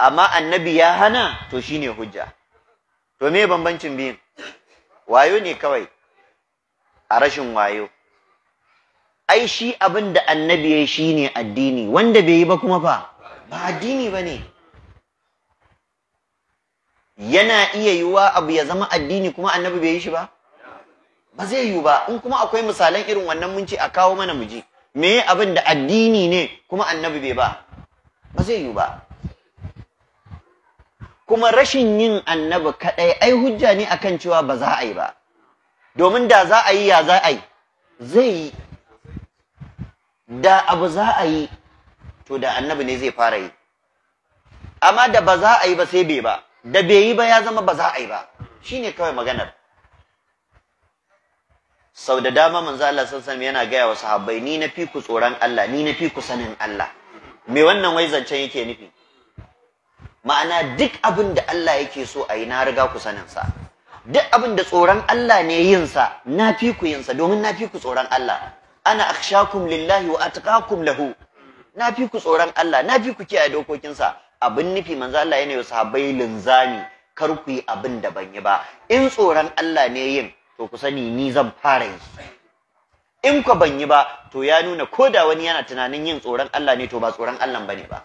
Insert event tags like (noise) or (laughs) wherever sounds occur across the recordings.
amma annabi ya hana to shine hujja to me bambancin biyun wayo ne kawai a rashin wayo ai shi abin da annabi ya shi ne addini wanda bai yi ba kuma fa ba addini ba ne yana iya yiwuwa abu ya zama addini kuma annabi bai yi shi ba ba zai yiwu ba in kuma akwai misalan irin wannan mun ce a kawo mana muji me abin da addini ne kuma annabi bai ba ba zai yiwu ba kuma rashin yin annabi kaɗai ai hujja ne akan cewa ba za a yi ba domin da za a yi ya za a yi zai yi da abu za a yi to da annabi ne zai fara yi amma da ba za a yi ba sai bai ba da bai yi ba ya zama ba za a yi ba shi ne kawai maganar sau da dama manzo Allah sallallahu yana gaya wa sahabbai ni na fi ku tsoron Allah ni na fi ku sanin Allah me wannan wai zancen yake nufi ma'ana duk abin da Allah yake so a yi na riga ku sanin sa duk abin da tsoron Allah ne yin sa na fi ku yin sa domin na fi ku tsoron Allah ana akhshakum lillahi wa atqakum lahu na fi ku tsoron Allah na fi ku kiyaye dokokin sa abin nufi manzo Allah yana yi sahabbai linzami kar ku yi abin da ban yi ba in tsoron Allah ne yin to ku sani ni zan fara yi in ku ban yi ba to ya nuna ko da wani yana tunanin yin tsoron Allah ne to ba tsoron Allah bane ba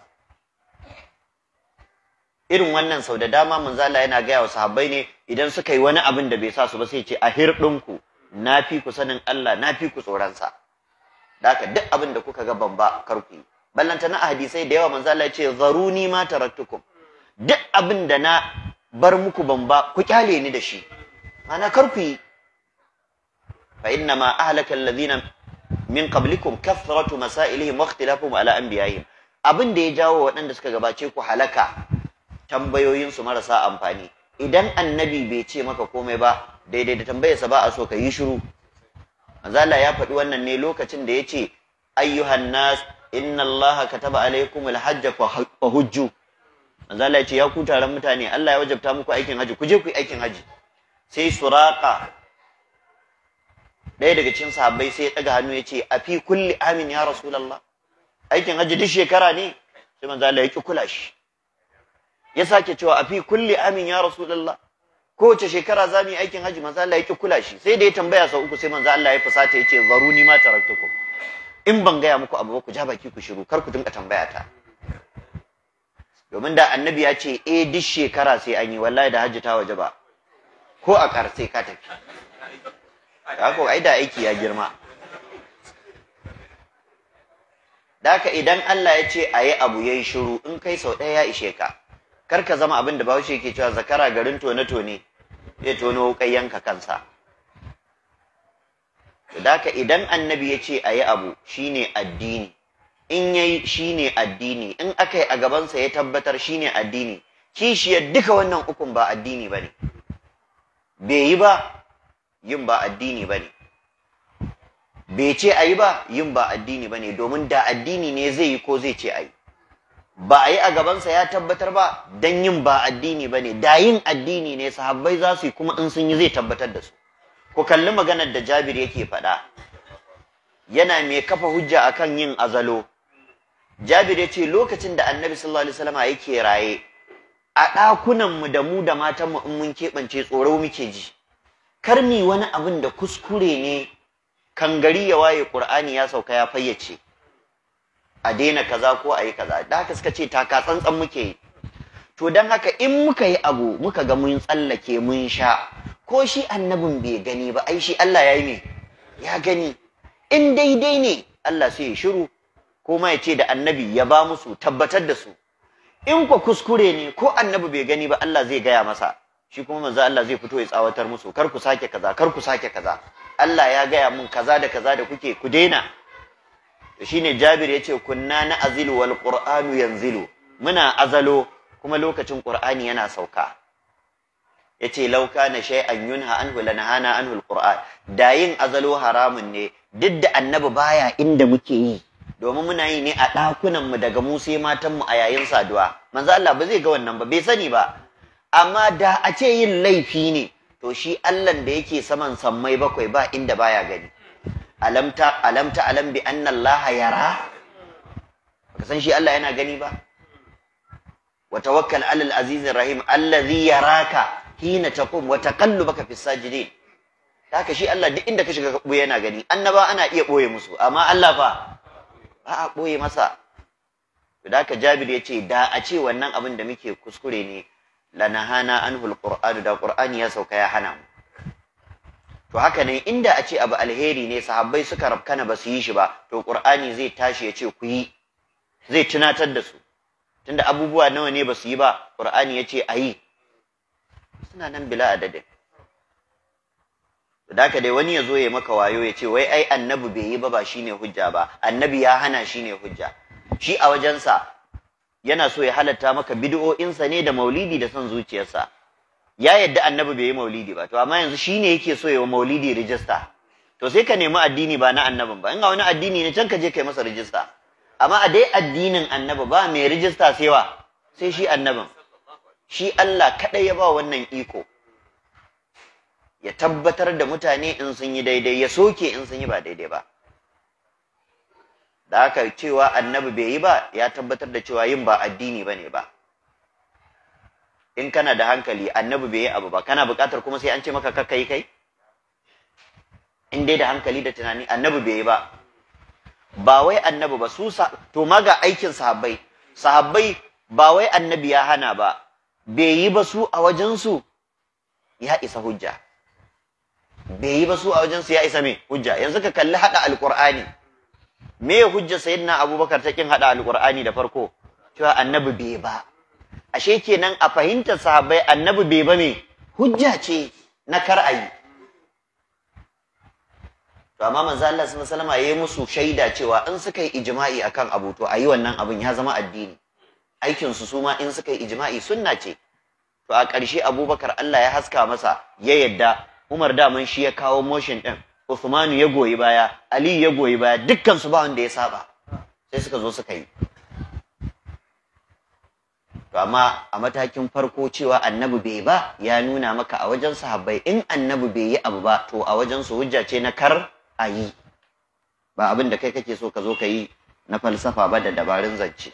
irin wannan sau da dama manzala yana gaya wa sahabbai ne idan suka yi wani abin da bai sa su ba sai ce a hirɗinku na fi ku sanin Allah na fi ku tsoronsa da duk abin da kuka ga ban ba kar ku yi ballanta na hadisai da yawa manzala ya ce zaruni ma tarattukum duk abin da na bar muku bamba ku kyale ni da shi ma'ana kar ku yi fa inna ma ahlaka alladhina min qablikum kathratu masailihim wa ikhtilafuhum ala anbiya'ihim abin da ya jawo waɗanda suka gabace ku halaka tambayoyinsu marasa amfani idan annabi bai ce maka komai ba daidai da tambayarsa ba a so ka yi shiru manzala ya faɗi wannan ne lokacin da ya ce ayyuhan nas inna allaha kataba alaikum alhajja fa hujju manzala ya ce ya ku taron mutane Allah ya wajabta muku aikin haji ku je ku yi aikin haji sai suraka ɗaya daga cikin sahabbai sai ya ɗaga hannu ya ce a fi kulli amin ya rasulallah aikin haji duk shekara ne sai manzala ya ki kula shi ya sake cewa a fi kulli amin ya rasulullah kowace shekara za mu yi aikin hajji, manzo Allah ya kula shi sai da ya tambaya sau uku sai manzo Allah ya fusata yace zaruni ma taraktukum in ban gaya muku abu ba ku ja baki ku shiru kar ku dinga tambaya ta domin da annabi ya ce eh duk shekara sai an yi wallahi da hajji ta waje ba ko a kar sai ka tafi haka ai da aiki ya girma da haka idan Allah ya ce a yi abu ya yi shiru in kai sau ɗaya ya ishe ka kar ka zama abin da bahaushe yake cewa zakara garin tone-tone zai tono kai yanka kansa Daka idan annabi ya ce a yi abu shine addini in yayi shine addini in aka yi a gabansa ya tabbatar shine addini kishiyar duka wannan ukun ba addini ba ne bai yi ba yin ba addini ba bai ce a yi ba yin ba addini ba domin da addini ne zai yi ko zai ce a yi ba a yi a gabansa ya tabbatar ba don yin ba addini ba ne da yin addini ne sahabbai za su yi kuma in sun yi zai tabbatar da su ku kalli maganar da jabir yake faɗa yana mai kafa hujja a kan yin azalo jabir ya ce lokacin da annabi sallallahu yake raye a ɗakunanmu da mu da matanmu in mun keɓance tsoro muke ji kar ni wani abin da kuskure ne kangari ya waye ƙur'ani ya sauka ya fayyace a daina kaza ko a yi kaza da haka suka ce taka tsantsan muke yi to don haka in muka yi abu muka ga mun tsallake mun sha ko shi annabin bai gani ba ai shi Allah ya yi ya gani in daidai ne Allah sai ya shiru ko ma ya ce da annabi ya ba musu tabbatar da su in kwa kuskure ne ko annabi bai gani ba Allah zai gaya masa shi kuma manzo Allah zai fito ya tsawatar musu kar ku sake kaza kar ku sake kaza Allah ya gaya mun kaza da kaza da kuke ku daina shine Jabir ce, kunna na azilu wal qur'anu yanzilu muna azalo kuma lokacin qur'ani yana sauka yace law kana shay'an yunha anhu lanahana anhu al qur'an da yin azalo haramun ne duk da annabi baya inda muke yi domin muna yi ne a ɗakunan mu daga mu sai matan mu a yayin saduwa manzo Allah ba zai ga wannan ba bai sani ba amma da a ce yin laifi ne to shi Allah da yake saman sammai bakwai ba inda baya gani alamta alamta alam bi anna Allah yara san shi Allah yana gani ba wa tawakkal alal azizir rahim allazi yaraka hina taqum wa taqallubaka fis sajidin haka shi Allah duk inda ka shiga ka ɓoye yana gani annaba ana iya ɓoye musu amma Allah fa ba a ɓoye masa da haka Jabir ya ce da a ce wannan abin da muke kuskure ne lanahana anhul qur'anu da qur'ani ya sauka ya hana mu to haka ne inda a ce abu alheri ne sahabbai suka rafkana ba su yi shi ba to qur'ani zai tashi ya ce ku yi zai tunatar da su tunda abubuwa nawa ne ba su yi ba qur'ani ya ce a yi suna nan bila adadin da haka dai wani ya zo ya maka wayo ya ce wai ai annabi bai yi ba ba shine hujja ba annabi ya hana ne hujja shi a wajensa yana so ya halatta maka bid'o'insa ne da maulidi da son zuciyarsa ya yadda annabi bai yi maulidi ba to amma yanzu shine yake so ya yawa maulidi rijista to sai ka nemi addini ba na annabin ba in ga wani addini ne can ka je kai masa rijista amma a dai addinin annabi ba mai rijista sai wa sai shi annabin shi Allah kadai ya ba wannan iko ya tabbatar da mutane in sun yi daidai ya soke in sun yi ba daidai ba da haka cewa annabi bai yi ba ya tabbatar da cewa yin ba addini bane ba in kana da hankali annabi bai yi abu ba kana buƙatar kuma sai an ce maka kakka kai in dai da hankali da tunani annabi bai yi ba ba wai annabi ba su to ma ga aikin sahabbai sahabbai ba wai annabi ya hana ba bai yi ba su a wajen su, ya isa hujja bai yi ba su a wajen su ya isa me hujja yanzu ka kalli hada alqur'ani me hujja sayyidina abubakar ta kin hada alqur'ani da farko cewa annabi bai ba ashe kenan a fahimtar sahabbai annabi bai ba me hujja ce na kar'ayi to amma manzo Allah sallallahu alaihi wasallam yayi musu shaida cewa in suka yi ijma'i akan abu to ayi wannan abin ya zama addini aikin su ma in suka yi ijma'i sunna ce to a ƙarshe Abubakar Allah ya haska masa ya yadda Umar daman shi ya kawo motion din Usmanu ya goyi baya Ali ya goyi baya dukkan su ba wanda ya saba sai suka zo suka yi to amma a matakin farko cewa annabi bai ba ya nuna maka a wajen sahabbai in annabi bai yi abu ba to a wajen su hujja ce na kar a yi ba abin da kai kake so ka zo ka yi na falsafa ba da dabarun zance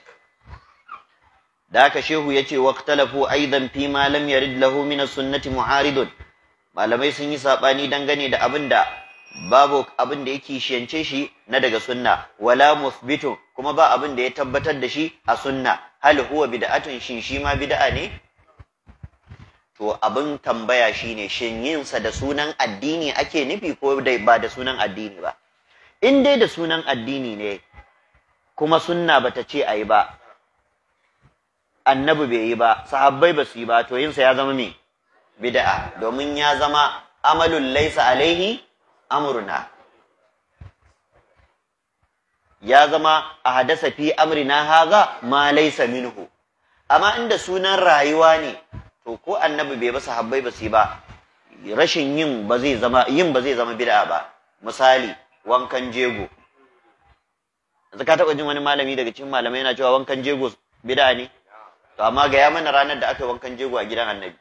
da haka shehu ya ce waqtalafu aidan fi ma lam yarid lahu min sunnati mu'aridun malamai sun yi sabani dangane da abin da babu abin da yake shiyance shi na daga sunna wala muthbitun kuma ba abin da ya tabbatar da shi a sunna hal huwa bid'atun shin shi ma bid'a ne to abin tambaya shine shin yin sa da sunan addini ake nufi ko dai ba da sunan addini ba in dai da sunan addini ne kuma sunna bata ce ayi ba annabi bai yi ba sahabbai ba su yi ba to yin sa ya zama me bid'a domin ya zama amalul laysa alaihi amruna ya zama a hadasa fi amrina haza ma laisa minhu amma inda sunan rayuwa ne to ko annabi bai basu habbai ba su ba rashin yin ba zai zama yin ba zai zama bid'a ba misali wankan jego yanzu ka taɓa jin wani malami daga cikin malamai yana cewa wankan jego bid'a ne to amma gaya mana ranar da aka yi wankan jego a gidan annabi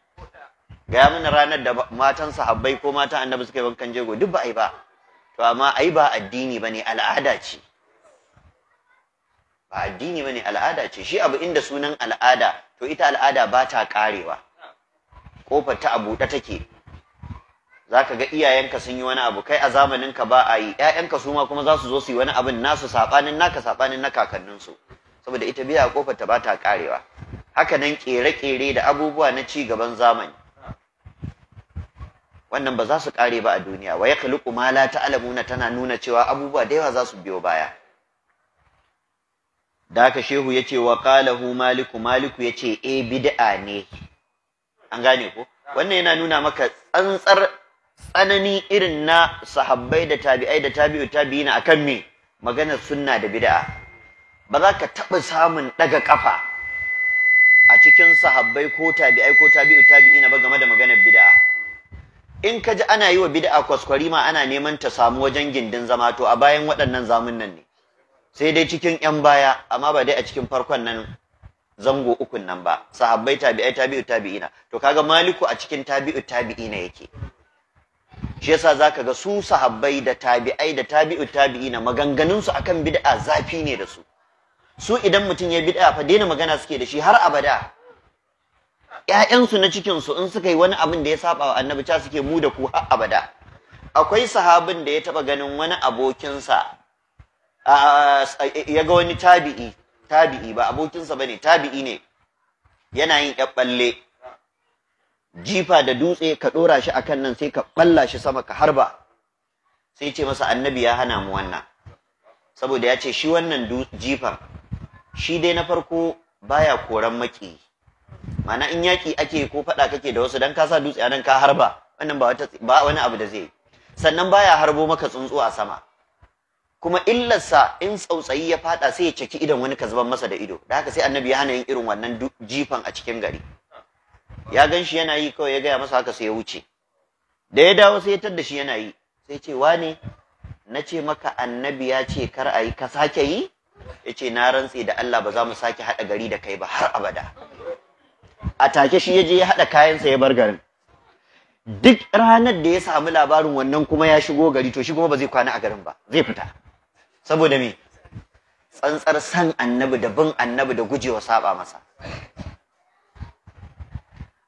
gaya mana ranar da matan sahabbai ko matan annabi suka yi wankan jego duk ba a yi ba to amma ai ba addini ba ne al'ada ce ba addini ba ne al'ada ce shi abu inda sunan al'ada to ita al'ada ba ta karewa kofar ta abuɗe take zaka ga iyayenka sun yi wani abu kai a zamanin ka ba a yi ƴaƴanka su ma kuma za su zo su yi wani abin nasu saɓanin naka saɓanin na kakannin su saboda ita biya kofar ta ba ta karewa haka nan kere-kere da abubuwa na ci gaban zamani wannan ba za su kare ba a duniya wa ya kaluku ma la ta'lamuna tana nuna cewa abubuwa da yawa za su biyo baya da haka shehu ya ce wa qalahu maliku maliku ya ce eh bid'a ne an gane ko wannan yana nuna maka tsantsar tsanani irin na sahabbai da tabi'ai da tabi'u tabi'ina akan me maganar sunna da bid'a ba za ka taɓa samun ɗaga kafa a cikin sahabbai ko tabi'ai ko tabi'u tabi'ina ba game da maganar bid'a in ka ji ana yi wa bid'a kwaskwari ma ana neman ta samu wajen gindin zama to a bayan waɗannan zamun nan ne sai dai cikin yan baya amma ba dai a cikin farkon nan zango ukun nan ba sahabbai tabi'ai tabi'u tabi'ina to kaga maliku a cikin tabi'u tabi'ina yake shi yasa zaka ga su sahabbai da tabi'ai da tabi'u tabi'ina maganganun su akan bid'a zafi ne da su su idan mutum ya bid'a fa daina magana suke da shi har abada Ya'yansu na cikinsu in suka yi wani abin da ya saba wa annabi ta suke mu da ku har abada akwai sahabin da ya taba ganin wani abokinsa ya ga wani tabi'i tabi'i ba abokinsa ba ne, tabi'i ne yana yin ƴaɓɓalle jifa da dutse ka ɗora shi akan nan sai ka ɓalla shi sama ka harba sai ce masa annabi ya hana mu wannan saboda ya ce shi wannan jifan shi dai na farko baya koran maki mana in yaki ake ko faɗa kake da wasu dan kasa sa dutse anan ka harba wannan ba wani abu da zai sannan baya harbo maka tsuntsu a sama kuma illarsa in tsautsayi ya fada sai ya caki idon wani ka masa da ido da haka sai annabi ya hana yin irin wannan jifan a cikin gari ya gan shi yana yi kawai ya gaya masa haka sai ya wuce da ya dawo sai ya tadda shi yana yi sai ce ne? na ce maka annabi ya ce kar a yi ka sake yi ya ce na rantse da Allah ba za mu sake haɗa gari da kai ba har abada a take shi ya je ya haɗa kayansa ya bar garin duk ranar da ya samu labarin wannan kuma ya shigo gari to shi kuma ba zai kwana a garin ba zai fita saboda me tsantsar san annabi da bin annabi da gujewa saba masa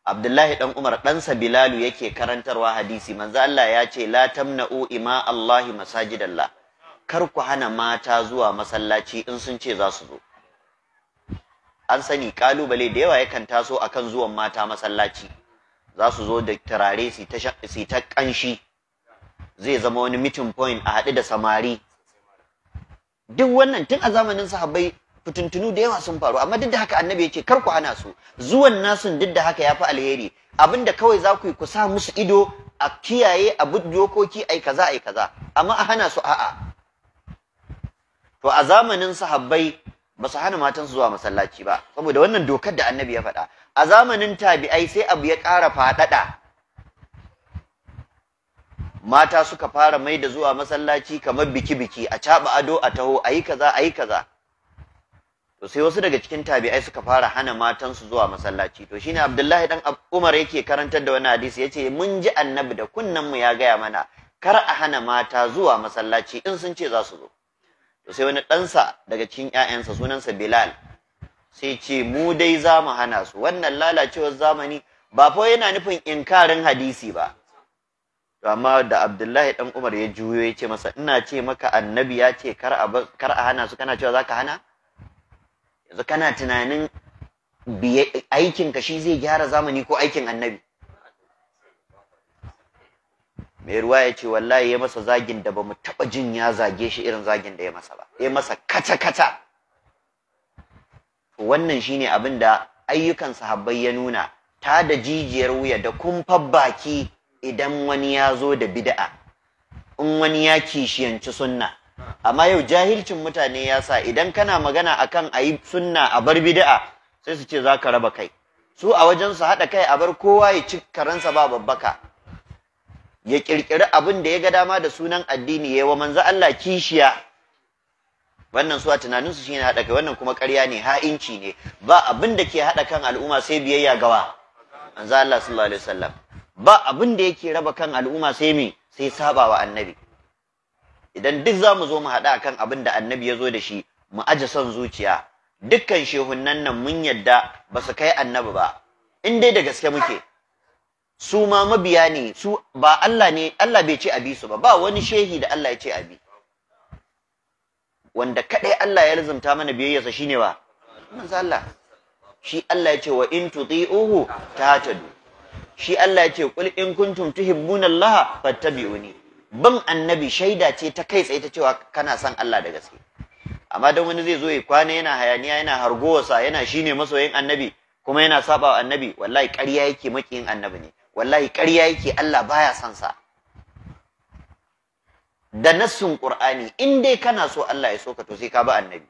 Abdullahi dan Umar ɗansa Bilalu yake karantarwa hadisi manzo Allah ya ce la tamna'u ima Allahi masajidallah kar ku hana mata zuwa masallaci in sun ce za su zo an sani kalubale da yawa yakan taso akan zuwan mata masallaci za su zo da turare su ta kanshi zai zama wani meeting point a haɗu da samari duk wannan tun a zamanin sahabbai fitintunu da yawa sun faru amma duk da haka annabi yake kar ku hana su zuwan nasu duk da haka ya fi alheri abinda kawai za ku yi ku sa musu ido a kiyaye a bi dokoki ai kaza ai kaza amma a hana su a'a to a zamanin sahabbai ba su hana matan su zuwa masallaci ba saboda wannan dokar da annabi ya faɗa a zamanin tabi'ai sai abu ya ƙara faɗaɗa mata suka fara mai da zuwa masallaci kamar biki-biki a caɓa ado a taho a yi kaza a yi kaza to sai wasu daga cikin tabi'ai suka fara hana matansu zuwa masallaci to shine abdullahi dan umar yake karantar da wani hadisi yace mun ji annabi da kunnen mu ya gaya mana kar a hana mata zuwa masallaci in sun ce za su zo to sai wani ɗansa daga cikin ƴaƴansa sunansa bilal sai ce mu dai za mu hana su wannan lalacewar zamani ba fa yana nufin inkarin hadisi ba to amma da Abdullahi dan Umar ya juyo ya ce masa ina ce maka annabi ya ce kar a kar hana su kana cewa za ka hana yanzu kana tunanin aikin ka shi zai gyara zamani ko aikin annabi mai ruwa ya ce wallahi ya masa zagin da ba mu taɓa jin ya zage shi irin zagin da ya masa ba ya masa kata-kata wannan shine abin da ayyukan sahabbai ya nuna ta da jijiyar wuya da kumfar baki idan wani ya zo da bida'a, in wani ya kishiyanci sunna amma yau jahilcin mutane ya sa idan kana magana akan yi sunna a bar bida'a sai su ce za ka raba kai su a wajen haɗa kai a bar kowa ya ci karansa ba babbaka ya ƙirƙiri abin da ya ga dama da sunan addini ya yi wa manzo Allah kishiya wannan su tunaninsu shi ne haɗa kai wannan kuma ƙarya ne ha'inci ne ba abin da ke haɗa kan al'umma sai biyayya gawa manzo Allah sallallahu alaihi wasallam ba abin da yake raba kan al'umma sai me sai sabawa annabi idan duk za mu zo mu haɗa akan abin da annabi ya zo da shi mu aje son zuciya dukkan shehunnan nan mun yadda ba su kai annabi ba in dai da gaske muke su ma mabiya ne su ba Allah ne Allah bai ce abi su ba ba wani shehi da Allah ya ce abi wanda kadai Allah ya lazumta mana biyayyarsa shine ba? manzo Allah shi Allah ya ce wa in tuti'uhu tahtadu shi Allah yake kul in kuntum tuhibbuna Allah fattabi'uni Ban annabi shaida ce ta kai tsaye ta cewa kana son Allah da gaske amma dan wani zai zo ya kwana yana hayaniya yana hargowarsa yana shine masoyin annabi kuma yana saba wa annabi wallahi ƙarya yake makiyin annabi ne wallahi ƙarya yake Allah baya son sa da nassun qur'ani in dai kana so Allah ya so to sai ka bi annabi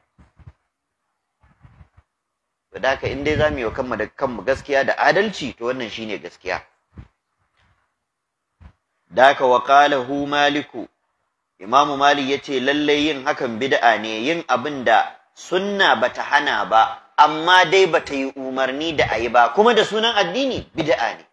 to da haka in dai zamu yi wa kanmu da kanmu gaskiya da adalci to wannan shine gaskiya da haka wa hu maliku imamu malik yace lallai yin hakan bid'a ne yin abin da sunna bata hana ba amma dai bata yi umarni da ayi ba kuma da sunan addini bid'a ne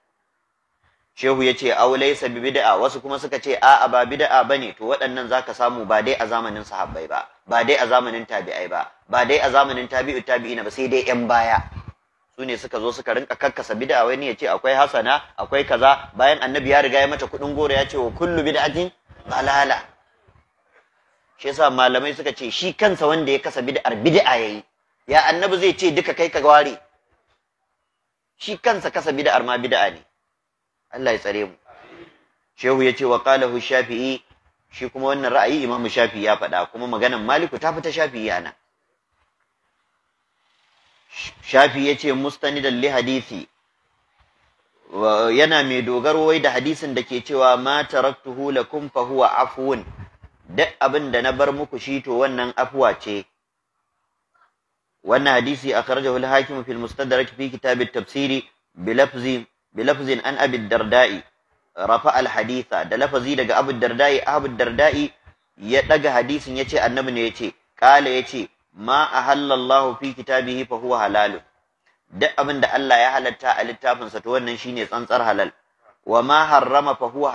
shehu ya ce aulaisa bi bid'a wasu kuma suka ce a ba bid'a bane to waɗannan za ka samu ba dai a zamanin sahabbai ba ba dai a zamanin tabi'ai ba ba dai a zamanin tabi'u na ba sai dai yan baya su ne suka zo suka rinka kakkasa bida'a wani ya ce akwai hasana akwai kaza bayan annabi ya riga ya mata kuɗin goro ya ce wa kullu bid'atin balala shi yasa malamai suka ce shi kansa wanda ya kasa bid'a yayi ya annabi zai ce duka kai ka ware shi kansa kasa bida'ar ma bida'a ne Allah ya tsare mu shehu yace ce qala hu shafi'i shi kuma wannan ra'ayi imamu shafi'i ya faɗa kuma maganan maliku ta fita shafi'i ana shafi'i ya mustanidan li hadisi yana mai dogaro wai da hadisin da ke cewa ma taraktuhu lakum fa huwa afwun duk abin da na bar muku shi to wannan afwa ce wannan hadisi akhrajahu al-hakim fi al-mustadrak fi kitab at-tafsiri bi lafzi bi lafzin an abi dardai rafa al da lafazi daga abin dardai abu dardai ya daga hadisin ya ce annabi ne ce kala yace ma ahallallahu fi kitabihi fa huwa halal duk abin da Allah ya halatta a littafinsa to wannan shine tsantsar halal wa ma harrama fa huwa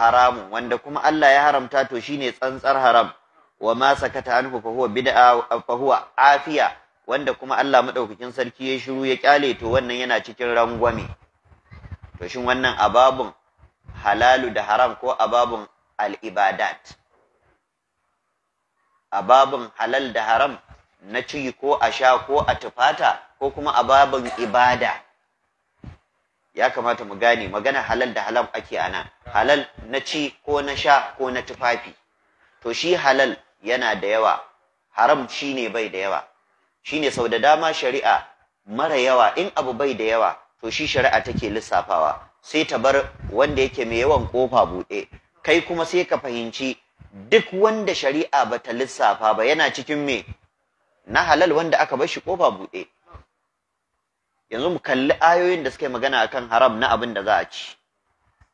wanda kuma Allah ya haramta to shine tsantsar haram wa ma sakata anhu fa huwa bid'a fa huwa afiya wanda kuma Allah madaukakin sarki ya shiru ya kyale to wannan yana cikin rangwame to shin wannan ababun halalu da haram ko ababun al'ibadat ababun halal da haram na ci ko a sha ko a tufata ko kuma ababun ibada ya kamata mu gane magana halal da halal ake ana halal na ci ko na sha ko na tufafi to shi halal yana da yawa haram shi bai da yawa shine sau da dama shari'a mara yawa in abu bai da yawa to shi shari'a take lissafawa sai ta bar wanda yake mai yawan kofa buɗe kai kuma sai ka fahimci duk wanda shari'a bata lissafa ba yana cikin me na halal wanda aka bar shi kofa buɗe yanzu mu kalli ayoyin da suka yi magana akan haram na abin da za a ci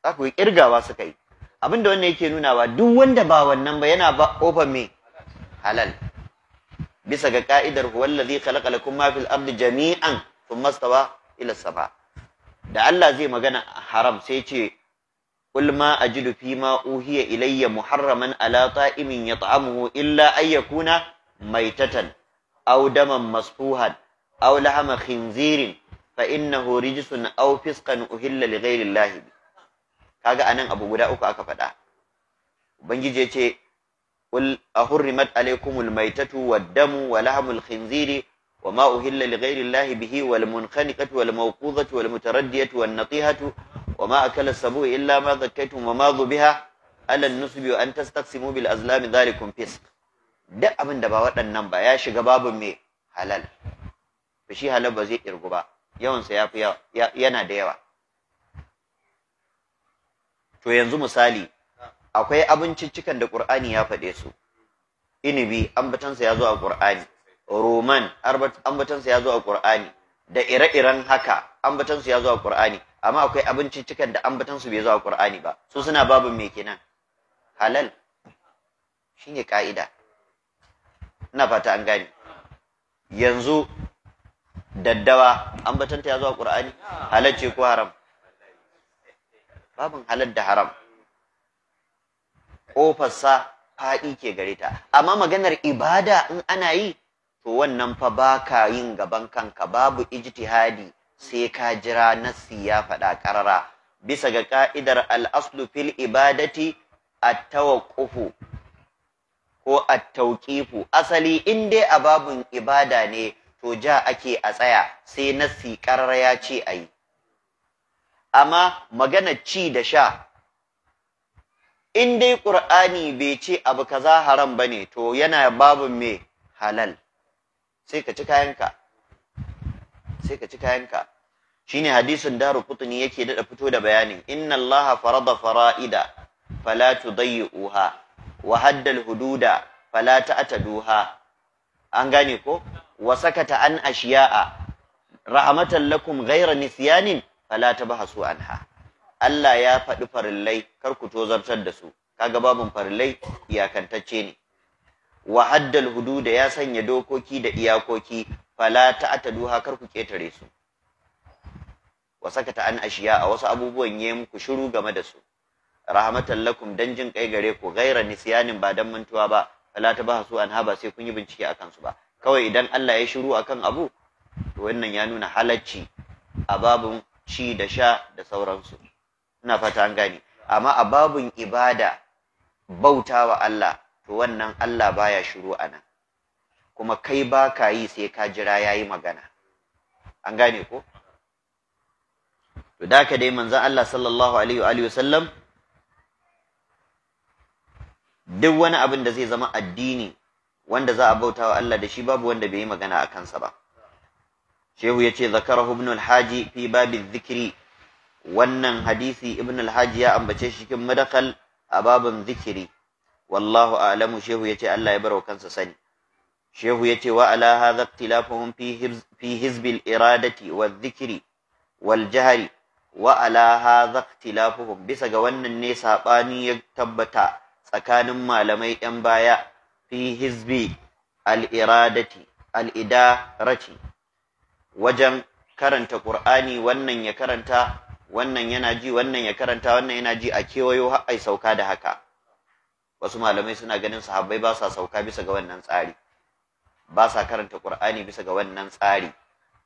za ku yi kirgawa suka yi abin da wannan yake nunawa duk wanda ba wannan ba yana ba kofa me halal bisa ga ka'idar huwallazi khalaqa lakum ma fil ardi jami'an thumma istawa ila sama da Allah zai magana haram sai ce ulma ma ajidu fi ma uhiya ilayya muharraman ala ta'imin yat'amuhu illa ay yakuna maitatan aw daman masfuhan aw lahama khinzirin fa innahu rijsun aw fisqan uhilla li ghayri Allah kaga anan abu guda uku aka faɗa ubangiji ya ce qul ahurrimat alaykumul maitatu wad damu wa lahamul khinziri وما أهل لغير الله به والمنخنقة والموقوذة والمتردية والنطيهة وما أكل السبوع إلا ما ذكيتم وما ذبها على النسب وأن تستقسموا بالأزلام ذلكم فسق duk abin da ba waɗannan ba ya shiga babu mai halal ba shi halal ba zai ƙirgu ba yawansa yana da yawa to yanzu misali akwai abinciccikan da ƙur'ani ya faɗe su inibi ambatansa ya zo a ƙur'ani roman ambatansa ya zo a qur'ani da ire-iren haka ambatansu ya zo a qur'ani amma akwai abinci cikin da ambatansu bai zo a qur'ani ba su suna babin me kenan halal shine ka'ida ina fata an gani. yanzu daddawa ambatanta ya zo a qur'ani halal ce ko haram babin halal da haram kofarsa faɗi ke gare ta amma maganar ibada in ana yi to wannan fa ba ka yin gaban kanka babu ijtihadi sai ka jira nassi ya faɗa ƙarara bisa ga ka'idar al'aslu fil ibadati at ko at-tawqifu asali in dai a babun ibada ne to ja ake a tsaya sai nassi ƙarara ya ce ayi amma magana ci da sha in dai ƙur'ani bai ce abu kaza haram bane to yana babun me halal sai ka ci kayanka sai ka ci kayanka shine hadisin daru kutuni yake dada fito da bayanin inna allaha farada fara'ida fala yi wa Wahaddal hududa fala ta'taduha an gane ko wa sakata an ashiya'a rahmatan lakum ghayra nisyanin fala tabhasu anha Allah ya faɗi farillai kar ku tozartar da su kaga babun farillai iyakantacce ne wa haddal da ya sanya dokoki da iyakoki fala ta'taduha kar ku ketare su wa sakata an ashiya a wasu abubuwan yayi ku shiru game da su rahmatan lakum dan jin kai gare ku gaira nisyanin ba dan mantuwa ba fala su an haba sai kun yi bincike akan su ba kawai idan Allah ya shiru akan abu to wannan ya nuna halacci a babun ci da sha da sauransu ina fata an gane amma a babun ibada bautawa Allah to wannan Allah baya shiru a nan kuma kai ba ka yi sai ka jira ya yi magana an gane ko to da dai manzan Allah sallallahu alaihi wa duk wani abin da zai zama addini wanda za a bauta wa Allah da shi babu wanda bai yi magana a kansa ba shehu ya ce zakarahu ibn al-haji fi babi zikiri wannan hadisi ibn al-haji ya ambace shi cikin madakal a babin zikiri wallahu a'lamu shehu yace Allah ya wa kansa sani shehu yace wa ala hadha ikhtilafuhum fi hizbil iradati wadh-dhikri wal jahri wa ala hadha ikhtilafuhum bisa ga wannan ne sabani ya tabbata tsakanin malamai yan baya fi hizbi al-iradati al-idarati wajen karanta Qur'ani wannan ya karanta wannan yana ji wannan ya karanta wannan yana ji a kewayo har ai sauka da haka wasu malamai suna ganin sahabbai ba sa sauka bisa ga wannan tsari ba sa karanta qur'ani bisa ga wannan tsari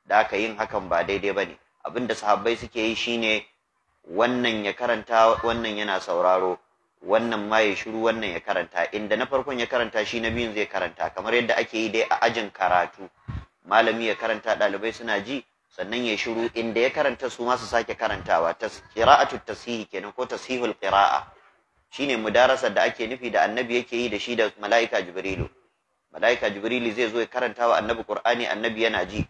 da aka yin hakan ba daidai bane abinda sahabbai suke yi shine wannan ya karanta wannan yana sauraro wannan ma ya shiru wannan ya karanta inda na farkon ya karanta shi na biyun zai karanta kamar yadda ake yi dai a ajin karatu malami ya karanta dalibai suna ji sannan ya shiru inda ya karanta su ma su sake karantawa qira'atu tasihi kenan ko tasihul qira'a shine darasar da ake nufi da annabi yake yi da shi da mala'ika jibrilu mala'ika jibrilu zai zo ya karanta wa annabi qur'ani annabi yana ji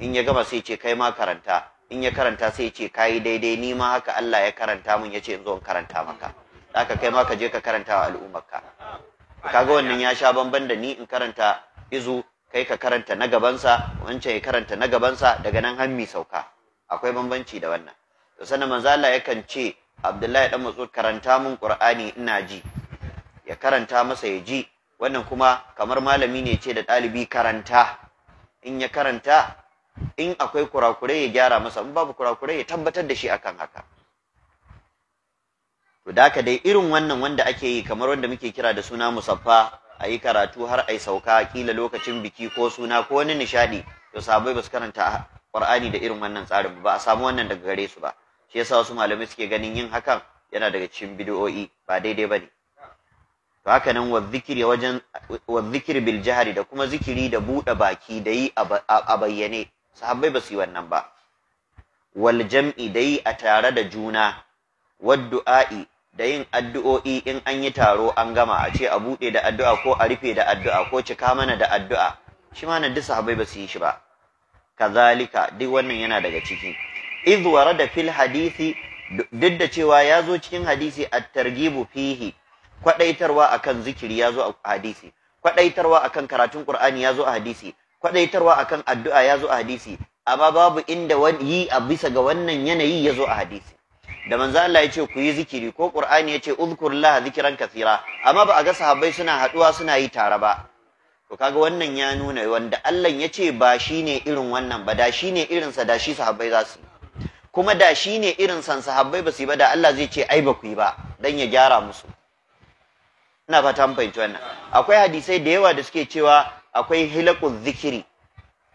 in ya gama sai ce kai ma karanta in ya karanta sai ce kayi daidai ni ma haka Allah ya karanta mun yace in zo in karanta maka haka kai ma ka je ka karanta wa al'ummarka kaga wannan ya sha bamban da ni in karanta izu kai ka karanta na gabansa wancan ya karanta na gabansa daga nan hammi sauka akwai bambanci da wannan to sannan manzo Allah yakan ce abdullahi dan karanta mun qur'ani ina ji ya karanta masa ya ji wannan kuma kamar malami ne ce da ɗalibi karanta in ya karanta in akwai kurakurai ya gyara masa in babu kurakurai ya tabbatar da shi akan haka to daka dai irin wannan wanda ake yi kamar wanda muke kira da suna musaffa a yi karatu har a yi sauka kila lokacin biki ko suna ko wani nishaɗi to sabai ba su karanta ƙur'ani da irin wannan tsarin ba a samu wannan daga gare su ba shi yasa wasu malamai suke ganin yin hakan yana daga cikin bid'o'i ba daidai bane to haka nan wa zikiri wajen wa zikiri bil jahri da kuma zikiri da bude baki da yi a bayyane sahabbai ba su yi wannan ba wal jam'i da yi a tare da juna wa du'a'i da yin addu'o'i in an yi taro an gama a ce a bude da addu'a ko a rufe da addu'a ko cika mana da addu'a shi ma nan duk sahabbai ba su yi shi ba kazalika duk wannan yana daga ciki idh warada fil hadisi duk da cewa ya zo cikin hadisi at-targhibu fihi kwadaitarwa akan zikiri ya a hadisi kwadaitarwa akan karatun Qur'ani ya zo a hadisi kwadaitarwa akan addu'a ya zo a hadisi amma babu inda yi a bisa ga wannan yanayi yazo a hadisi da manzo Allah ya ce ku yi zikiri ko Qur'ani ya ce uzkurullaha zikran kathira amma ba a ga sahabbai suna haduwa suna yi tare ba to kaga wannan ya nuna wanda Allah ya ce ba shine irin wannan ba da shine irinsa da shi sahabbai za su yi kuma da shi ne irin san sahabbai ba su yi ba da Allah zai ce ai ba ku yi ba dan ya gyara musu ina fata mun fahimci wannan akwai hadisai da yawa da suke cewa akwai hilakul zikiri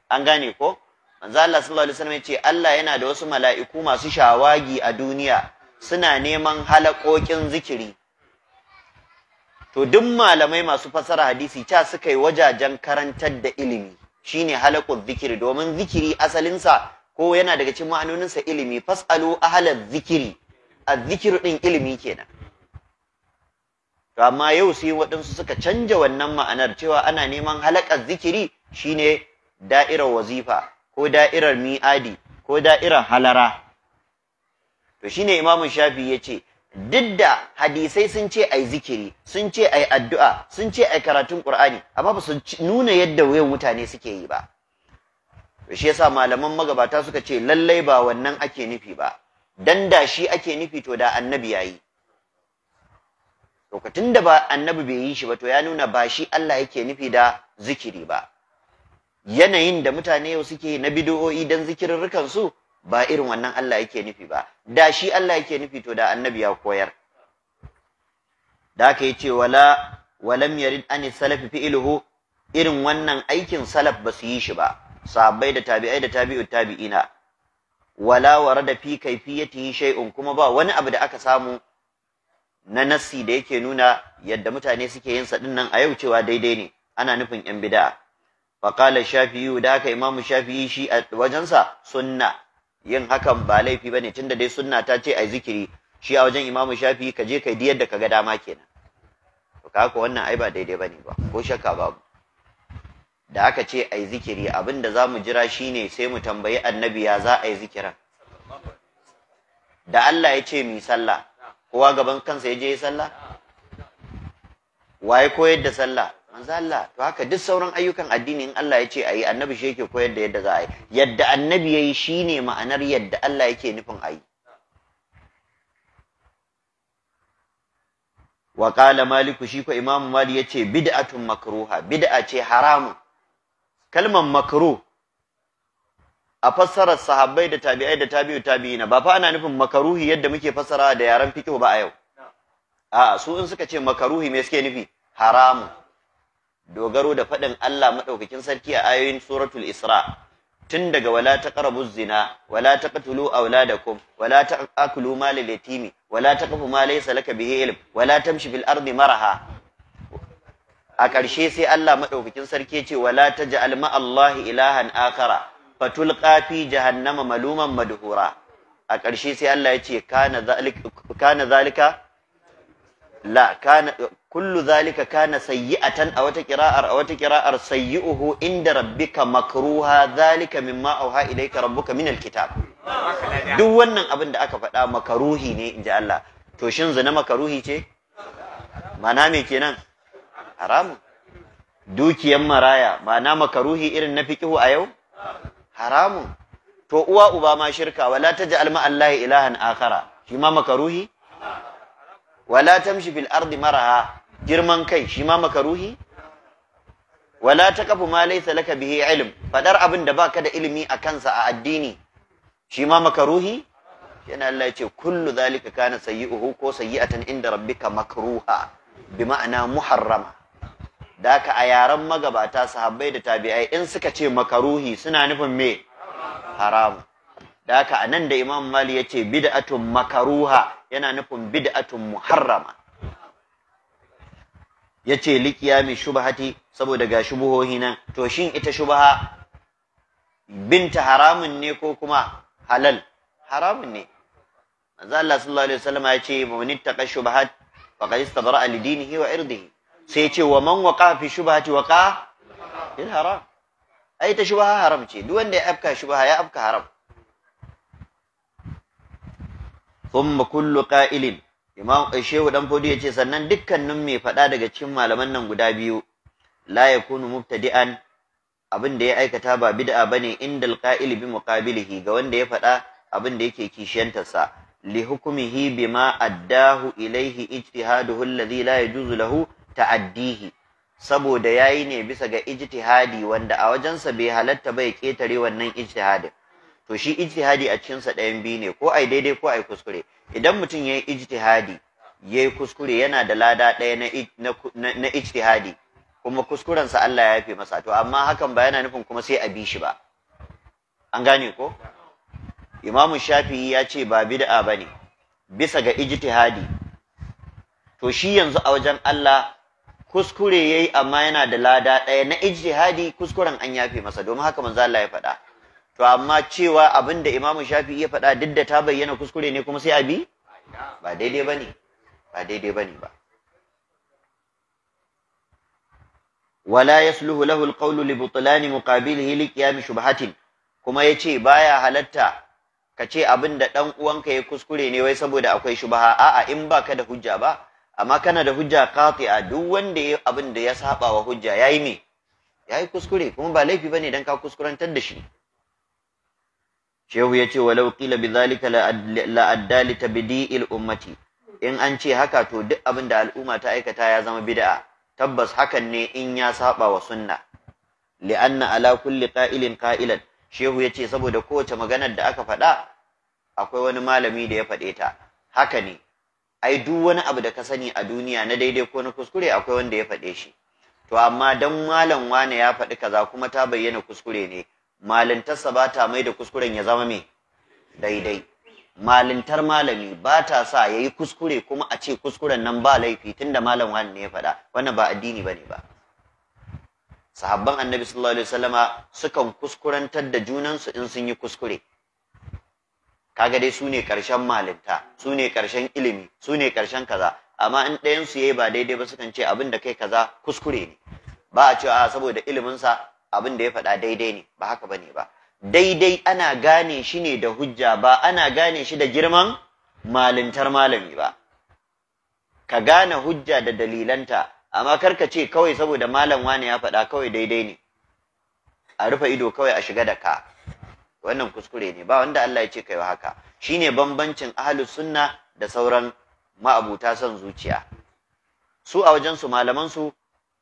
an gane ko manzo Allah sallallahu alaihi wasallam ya ce Allah yana da wasu mala'iku masu shawagi a duniya suna neman halakokin zikiri to duk malamai masu fasara hadisi ta suka yi wajajen karantar da ilimi shine halakul zikiri domin zikiri asalinsa ko yana daga cikin ma'anoninsa ilimi fasalu ahlaz zikiri azzikiru din ilimi kenan to amma yau sai waɗansu suka canja wannan ma'anar cewa ana neman halakar zikiri shine da'irar wazifa ko da'irar mi'adi ko da'irar halara to shine imamu shafi ya ce duk da hadisai sun ce ai zikiri sun ce ai addu'a sun ce ai karatun qur'ani amma ba su nuna yadda wayan mutane suke yi ba shi yasa malaman magabata suka ce lallai ba wannan ake nufi ba dan da shi ake nufi to da annabi yayi lokacin da ba annabi bai yi shi ba to ya nuna ba shi Allah yake nufi da zikiri ba yanayin da mutane yau suke na bid'o'i dan zikirrukan su ba irin wannan Allah yake nufi ba da shi Allah yake nufi to da annabi ya koyar da aka yi ce wala walam yarid an salafi fi'iluhu irin wannan aikin salaf ba su yi shi ba Sabai da tabi'ai da tabi'ut tabi'ina wala warada fi kaifiyatihi shay'un kuma ba wani abu da aka samu na nassi da yake nuna yadda mutane suke yin sa dinnan a yau cewa daidai ne ana nufin yan bid'a fa qala shafi'i da haka imam shafi'i shi a wajensa sunna yin hakan ba laifi bane tunda dai sunna ta ce ai zikiri shi a wajen imam shafi'i ka je kai diyar da kaga dama kenan to kaka wannan ai ba daidai bane ba ko shakka babu da aka ce ai zikiri abinda za mu jira shine sai mu tambayi annabi ya za a yi zikiran da Allah ya ce mi sallah kowa gaban kansa ya je ya sallah waye koyar da sallah manzo Allah to haka duk sauran ayyukan addini in Allah ya ce yi, annabi shi yake koyar da yadda za a yi yadda annabi yayi shine ma'anar yadda Allah yake nufin ayi wa qala maliku shi ko imamu mali yace bid'atun makruha bid'a ce haramun kalmar makruh a fassarar sahabbai da tabi'ai da tabi'u tabi'ina ba fa ana nufin makaruhi yadda muke fassara da yaran fiqh ba a yau a su in suka ce makaruhi me suke nufi haramu dogaro da faɗin Allah madaukakin sarki a ayoyin suratul Isra tun daga wala taqrabu zina wala taqtulu auladakum wala ta'kulu mal al-yatimi wala taqfu ma laysa laka bihi ilm wala tamshi fil ardi maraha a ƙarshe sai Allah maɗaukakin sarki ce wala taj'al ma'allahi ilahan akara fatulqa fi jahannama maluman madhura a ƙarshe sai Allah ya ce zalika kana zalika la kana kullu zalika kana sayyi'atan a wata qira'ar a wata qira'ar sayyi'uhu inda rabbika makruha zalika mimma auha ilayka rabbuka min alkitab duk wannan abin da aka faɗa makaruhi ne inji Allah to shin zina makaruhi ce mana me kenan haramun dukiyan maraya ma'ana makaruhi irin na fiqihu a yau haramun to uwa uba ma shirka wala taj'al ma Allah ilahan akhara shi ma makaruhi wala tamshi fil ardi maraha girman kai shi ma makaruhi wala taqafu ma laysa laka bihi ilm fadar abin da baka da ilimi a kansa a addini shi ma makaruhi yana Allah ya ce kullu zalika kana sayyi'uhu ko sayyi'atan inda rabbika makruha bi ma'ana muharrama da aka a yaren magabata sahabbai da tabi'ai in suka ce makaruhi suna nufin me haram da aka a nan da imam mali ya ce bid'atun makaruha yana nufin bid'atun muharrama ya ce likiya mai shubahati saboda ga shubuhohi nan to shin ita shubaha binta haramun ne ko kuma halal haramun ne manzo Allah sallallahu alaihi wasallam ya ce man ittaqa shubahat faqad istabra li dinihi wa irdihi sai ce wa man waqa fi shubhati waqa fil haram ai ta shubha haram ce duk wanda ya afka shubha ya afka haram thumma kullu qa'ilin imam eh, shehu dan fodi yace sannan dukkanin mai fada daga cikin malaman nan guda biyu la yakunu mubtadi'an abin da ya aikata ba bid'a bane indal qa'ili bi muqabilihi ga wanda ya fada abin da yake kishiyantarsa li hukmihi bima addahu ilaihi ijtihaduhu alladhi la yajuzu lahu ta'addihi saboda yayi ne bisa ga ijtihadi wanda a wajensa bai halatta bai ketare wannan ijtihadin to shi ijtihadi a cikin sa ɗayan biyu ne ko ai daidai ko ai kuskure idan mutum yayi ijtihadi yayi kuskure yana da lada ɗaya na na ijtihadi kuma kuskuren sa Allah ya yafe masa to amma hakan ba yana nufin kuma sai a bi shi ba an gane ko Imamu Shafi'i ya ce ba bid'a bane bisa ga ijtihadi to shi yanzu a wajen Allah kuskure yayi amma yana da lada ɗaya na ijtihadi kuskuren an yafe masa domin haka manzo Allah ya faɗa to amma cewa abinda Imam Shafi ya faɗa duk da ta bayyana kuskure ne kuma sai a bi ba daidai bane ba daidai bane ba wala yasluhu lahu alqawlu li butlani muqabilihi li qiyam shubhatin kuma yace baya halatta ka ce abinda ɗan uwanka ya kuskure ne wai saboda akwai shubaha a'a in baka da hujja ba amma kana da hujja qati'a duk wanda ya abin da ya saba wa hujja yayi me yayi kuskure kuma ba laifi ne dan ka kuskurantar da shi shehu yace walau qila bidhalika la addali tabdi'il ummati in an ce haka to duk abin da al'umma ta aikata ya zama bida'a. tabbas hakan ne in ya saba wa sunna li'anna ala kulli qa'ilin qa'ilan shehu yace saboda kowace maganar da aka faɗa akwai wani malami da ya faɗe ta haka ne ai duk wani abu da ka sani a duniya na daidai ko na kuskure akwai wanda ya faɗe shi to amma dan malam wane ya faɗi kaza kuma ta bayyana kuskure ne malintarsa ba ta mai da kuskuren ya zama me daidai malintar malami ba ta sa ya yi kuskure kuma a ce kuskuren nan ba laifi tunda malam wane ne ya faɗa wannan ba addini ba ne ba sahabban annabi sallallahu alaihi wasallama sukan kuskurantar da junansu in sun yi kuskure kaga dai su ne ƙarshen malinta su ne ƙarshen ilimi su ne ƙarshen kaza amma in ɗayan su yayi ba daidai ba sukan ce abin da kai kaza kuskure ne ba a cewa saboda iliminsa abin da ya faɗa daidai ne ba haka bane ba daidai ana gane shi ne da hujja ba ana gane shi da girman malintar malami ba ka gane hujja da dalilanta amma kar ka ce kawai saboda malam wane ya faɗa kawai daidai ne a rufe ido kawai a shiga da ka wannan kuskure ne ba wanda Allah ya ce kai haka shine bambancin ahlus sunna da sauran ma'abuta son zuciya su a wajen su malaman su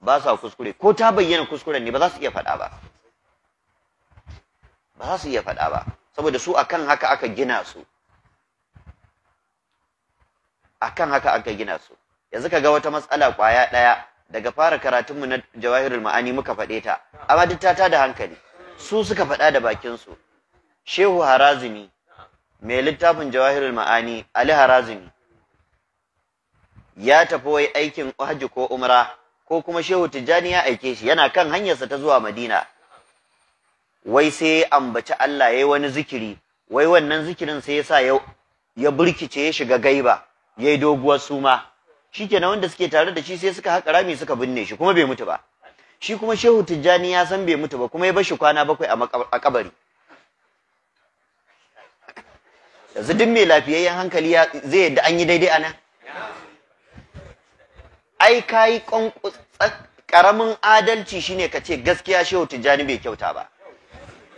ba sa kuskure ko ta bayyana kuskuren ne ba za su iya faɗa ba ba za su iya faɗa ba saboda su akan haka aka gina su akan haka aka gina su yanzu ka ga wata matsala kwaya ɗaya daga fara karatunmu na jawahirul ma'ani muka faɗe ta amma duk ta da hankali su suka faɗa da bakinsu. su shehu harazimi mai littafin jawahirul ma'ani ali harazimi ya tafi wai aikin hajji ko umra ko kuma shehu tijjani ya aike shi yana kan hanyarsa ta zuwa madina wai sai ambaci Allah yayi wani zikiri wai wannan zikirin sai ya ya burkice ya shiga gaiba yayi doguwar suma shi kenan wanda suke tare da shi sai suka haƙa rami suka binne shi kuma bai mutu ba shi kuma shehu tijjani ya san bai mutu ba kuma ya bar shi kwana bakwai a kabari yanzu duk mai lafiyayyen hankali zai yadda an yi daidai a ai ka yi ƙaramin adalci shine ka ce gaskiya shehu tijjani bai kyauta ba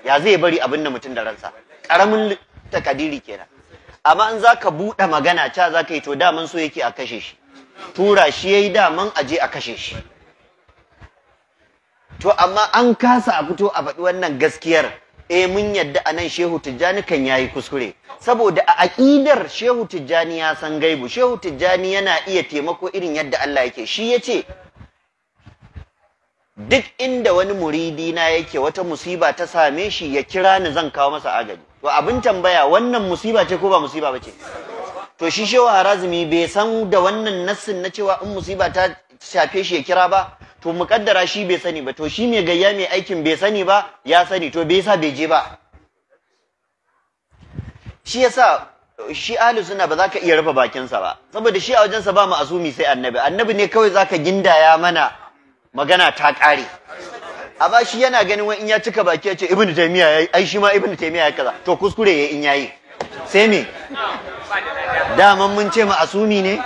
ya zai bari abin da mutum da ransa ƙaramin takadiri kenan amma in za ka buɗe magana ca za ka yi to daman so yake a kashe shi tura shi ya yi daman je a kashe shi to amma an kasa a fito a faɗi wannan gaskiyar eh mun yadda anan shehu tijjani kan yayi kuskure saboda a aqidar shehu tijjani ya san gaibu shehu tijjani yana iya taimako irin yadda Allah yake shi yace duk inda wani muridi na yake wata musiba ta same shi ya kira ni zan kawo masa agaji to abin tambaya wannan musiba ce ko ba musiba bace to shi shehu harazmi bai san da wannan nassin na cewa in musiba ta shafe shi ya kira ba to mu kaddara shi bai sani ba to shi mai gayya mai aikin bai sani ba ya sani to bai sa bai je ba shi yasa shi ahli sunna ba za ka iya rufe bakinsa ba saboda shi a wajensa ba asumi, sai annabi annabi ne kawai za ka gindaya mana magana ta ƙare a shi yana ganin wani in ya cika baki ya ce ibnu taymiya yayi ai shi ma ibnu taymiya ya kaza to kuskure yayi in yayi sai me daman mun ce asumi ne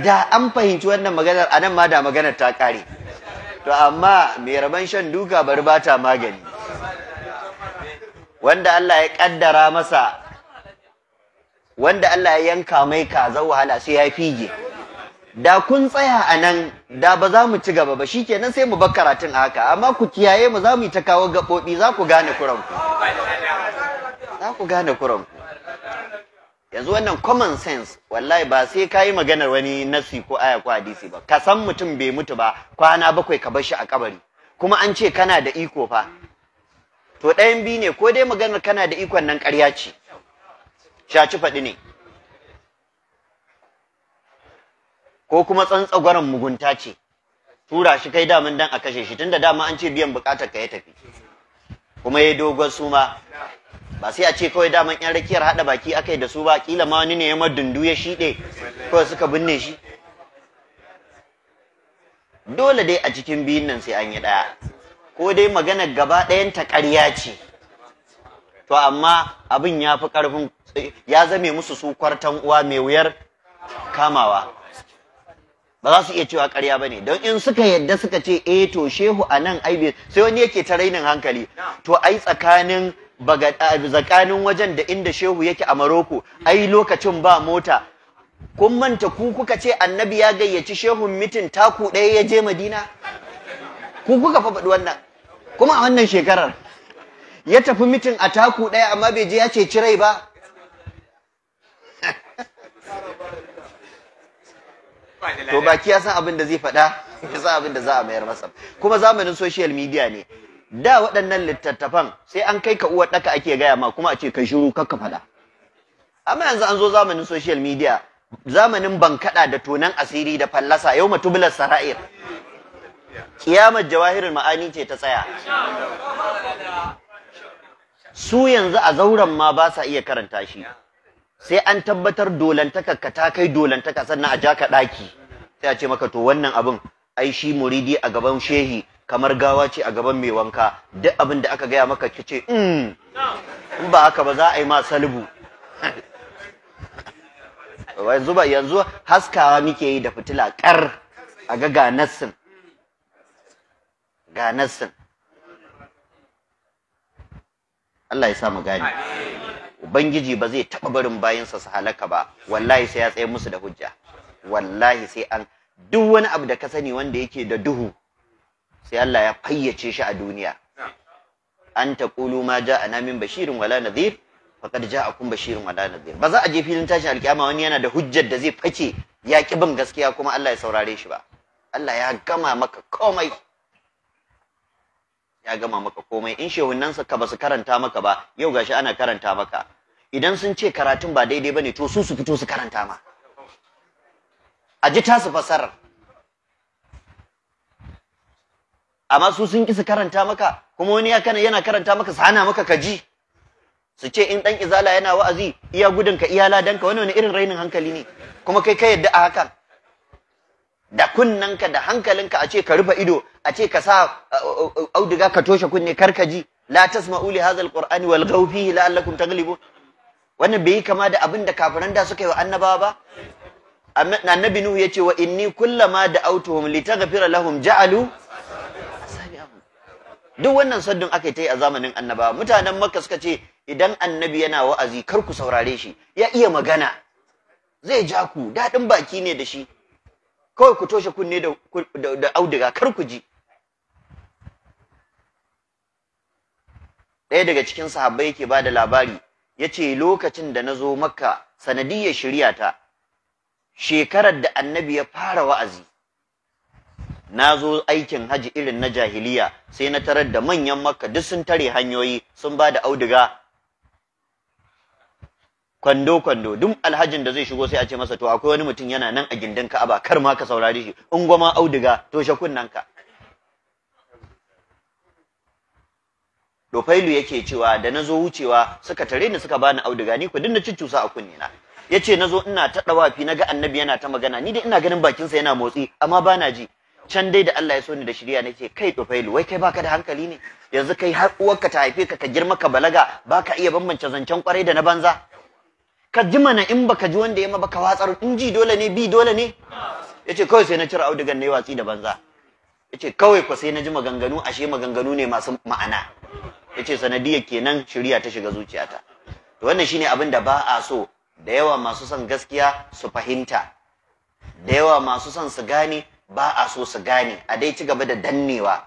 da an fahimci wannan maganar a nan ma da maganar ta ƙare to amma mai rabon shan duka bari ba ta magani wanda Allah ya ƙaddara masa wanda Allah ya yanka mai kaza wahala sai ya fige da kun tsaya a nan da ba za mu ci gaba ba Shi nan sai mu bar karatun haka amma ku kiyaye mu za mu yi ta kawo gaɓoɓi za ku gane kuranku za ku gane kuranku yanzu wannan common sense wallahi ba sai ka yi maganar wani nasi ko aya ko hadisi ba ka san mutum bai mutu ba kwana bakwai ka bar shi a kabari kuma an ce kana da iko fa to ɗayan biyu ne ko dai maganar kana da ikon nan ƙarya ce shaci faɗi ne ko kuma tsantsagwaron mugunta ce tura shi kai daman dan a kashe shi tunda dama an ce biyan bukatar ka ya tafi kuma ya dogon suma ba sai a ce kawai daman yan rakiyar haɗa baki aka yi da su ba kila ma wani ne ya madundu ya shiɗe kawai suka binne shi dole dai a cikin biyun nan sai an yi ɗaya ko dai magana gaba ɗayan ta ƙarya ce to amma abin ya fi ƙarfin ya zame musu su kwartan uwa mai wuyar kamawa ba za su iya cewa ƙarya ba ne don in suka yadda suka ce eh to shehu a nan ai sai wani yake ta rainin hankali to ai tsakanin tsakanin wajen da inda shehu yake a Maroko ai lokacin ba mota kun manta ku kuka ce annabi ya gayyaci shehun mitin taku ɗaya ya je Madina ku kuka fa faɗi wannan kuma a wannan shekarar ya tafi mitin a taku ɗaya amma bai je ya ce cirai ba (laughs) to baki ya san abin da zai faɗa ya san abin da za a mayar masa kuma zamanin social media ne da waɗannan littattafan sai an kai ka uwar ɗaka ake gaya ma kuma a ce ka shiru kakka faɗa amma yanzu an zo zamanin social media zamanin bankaɗa da tonan asiri da fallasa yau matubular sara'ir kiyamar jawahirin ma'ani ce ta tsaya su yanzu a zauren ma ba sa iya karanta shi sai an tabbatar dolantaka ka ta kai dolantaka sannan a ja ka ɗaki sai a ce maka to wannan abin ai shi muridi a gaban shehi kamar gawa ce a gaban mai wanka duk abin da aka gaya maka kice mm. in ba haka ba za a yi ma salibu yanzu (laughs) ba yanzu haskawa muke yi da fitila kar a ga ganassin ganassin Allah ya sa mu gane ubangiji ba zai taɓa barin bayansa su halaka ba wallahi sai ya tsaye musu da hujja wallahi sai an duk wani abu da ka sani wanda yake da duhu sai Allah ya fayyace shi a duniya an ta kulu ma ja ana min bashirin wala nadhir faqad akum bashirin wala nadhir ba za a je filin tashin alkiyama wani yana da hujjar da zai fake ya ki bin gaskiya kuma Allah ya saurare shi ba Allah ya gama maka komai ya gama maka komai in shehunansa ka basu karanta maka ba yau gashi ana karanta maka idan sun ce karatun ba daidai bane to su su fito su karanta ma a ji tasu fasarar amma su sun ki su karanta maka kuma wani yana karanta maka su hana maka kaji su ce in dan izala yana wa'azi iya gudun ka iya ladan ka wani irin rainin hankali ne kuma kai ka yadda a hakan da kunnanka da hankalinka a ce ka rufe ido a ce ka sa auduga ka toshe kunne kar ka ji la tasma'u li hadha alqur'ani wal fihi la'allakum taghlibun wannan bai kama da abin da kafiran da suka yi wa annabawa ba annabi nuhu yace wa inni kullama da'awtuhum litaghfira lahum ja'alu duk wannan saddun aka yi ta yi a zamanin annaba mutanen makka suka ce idan annabi yana wa'azi kar ku saurare shi ya iya magana zai ja ku daɗin baki ne da shi kawai ku toshe kunne da audiga kar ku ji ɗaya daga cikin sahabbai yake ba da labari yace lokacin da na zo makka sanadiyar shirya ta shekarar da annabi ya fara wa'azi na zo aikin haji irin na jahiliya sai na tarar da manyan makka duk sun tare hanyoyi sun ba da auduga kwando-kwando duk alhajin da zai shigo sai a ce masa to akwai wani mutum yana nan a gindin ka'aba kar ma ka saurare shi in goma auduga to shakunnanka Dofailu yake cewa da na zo wucewa suka tare ni suka bani auduga ni ku dinna cusa a kunne na yace na zo ina ta dawafi naga annabi yana ta magana ni dai ina ganin bakinsa yana motsi amma bana ji can dai da Allah ya so ni da shirya nake kai tufailu wai kai baka da hankali ne yanzu kai har uwarka ta haife ka ka girma ka balaga baka iya bambance zancen kwarai da na banza ka ji mana in baka ji wanda ya ma baka watsar in ji dole ne bi dole ne yace kawai sai na cira audugan ne watsi da banza yace kawai ko sai na ji maganganu ashe maganganu ne masu ma'ana yace sanadiyar kenan shirya ta shiga zuciyata to wannan shine abin da ba a so da yawa masu son gaskiya su fahimta da yawa masu son su gane ba a so su gane a dai ci gaba da dannewa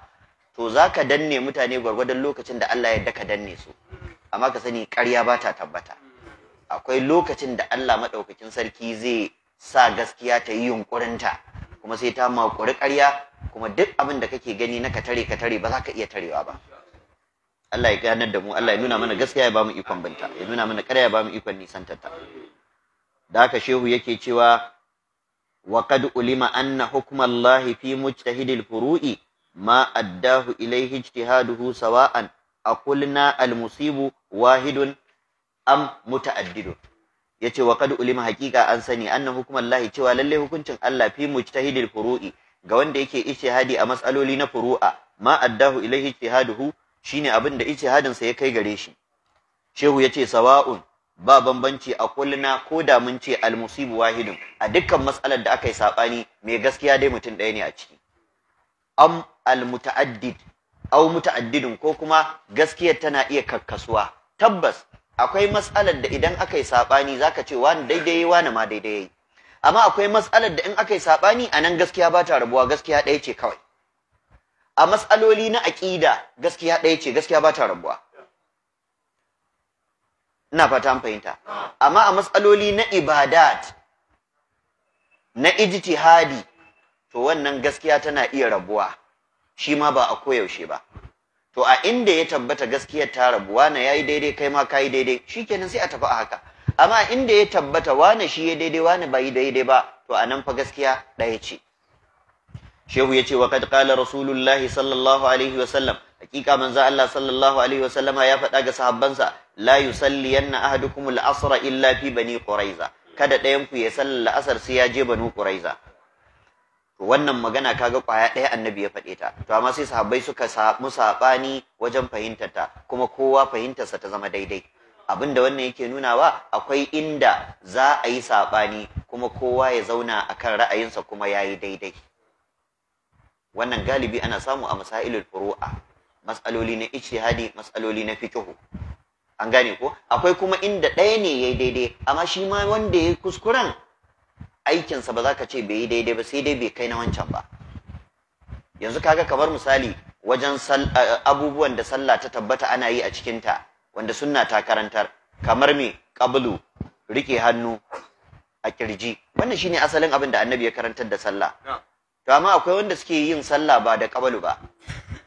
to za ka danne mutane gwargwadon lokacin da Allah ya daka danne su amma ka sani ƙarya ba ta tabbata akwai lokacin da Allah maɗaukakin sarki zai sa gaskiya ta yi yunƙurinta kuma sai ta maƙuri ƙarya kuma duk abin da kake gani na ka tare ka tare ba za ka iya tarewa ba Allah ya ganar da mu Allah ya nuna mana gaskiya ya ba mu ikon binta ya nuna mana ƙarya ya ba mu ikon nisantarta da haka shehu yake cewa وقد علم أن حكم الله في مجتهد الفروع ما أداه إليه اجتهاده سواء أقولنا المصيب واحد أم متعدد yace wa kad ulima haqiqa an sani anna hukum Allah cewa lalle hukuncin Allah fi mujtahidil furu'i ga wanda yake hadi a matsaloli na furu'a ma addahu ilaihi ijtihaduhu shine abin da ijtihadin sa ya kai gare shi shehu yace sawa'un ba bambanci a kulluna ko da mun ce almusibu wahidun a dukkan matsalar da aka yi saɓani mai gaskiya dai mutum ɗaya ne a ciki am almuta'addid au muta'addidun ko kuma gaskiya tana iya kakkasuwa tabbas akwai matsalar da idan aka yi saɓani zaka ce wani daidai wani ma daidai yayi amma akwai matsalar da in aka yi saɓani a nan gaskiya ba ta rabuwa gaskiya ɗaya ce kawai a matsaloli na aƙida gaskiya ɗaya ce gaskiya ba ta rabuwa ina fata an fahimta amma a matsaloli na ibadat na ijtihadi to wannan gaskiya tana iya rabuwa shi ma ba a koyaushe ba to a inda ya tabbata gaskiyar ta na, ya yayi daidai kai ma kayi daidai shikenan sai a tafi a haka amma inda ya tabbata wane shi ya daidai wane bai daidai ba to a nan fa gaskiya ɗaya ce shehu ya ce wa kad qala rasulullahi sallallahu alaihi wa sallam hakika manzo Allah sallallahu alaihi wa sallama ya faɗa ga sahabbansa la yusalliyanna ahadukum al-asr illa fi bani quraiza kada ɗayan ku ya salla la'asar sai ya je bani quraiza wannan magana kaga kwaya ɗaya annabi ya faɗe ta to amma sai sahabbai suka samu saɓani wajen fahimtar ta kuma kowa fahimtarsa ta zama daidai abin da wannan yake nunawa akwai inda za a yi saɓani kuma kowa ya zauna akan ra'ayinsa kuma ya yi daidai wannan galibi ana samu a masailul furu'a matsaloli na ijtihadi matsaloli na fiqh an gane ko akwai kuma inda ɗaya ne yayi daidai amma shi ma wanda yayi kuskuren aikinsa ba za ka ce bai yi daidai ba sai dai bai kai na wancan ba yanzu kaga kamar misali wajen abubuwan da sallah ta tabbata ana yi a cikin ta wanda sunna ta karantar kamar me qablu rike hannu a kirji wannan shine asalin abin da annabi ya karantar da sallah to amma akwai wanda suke yin sallah ba da kabalu ba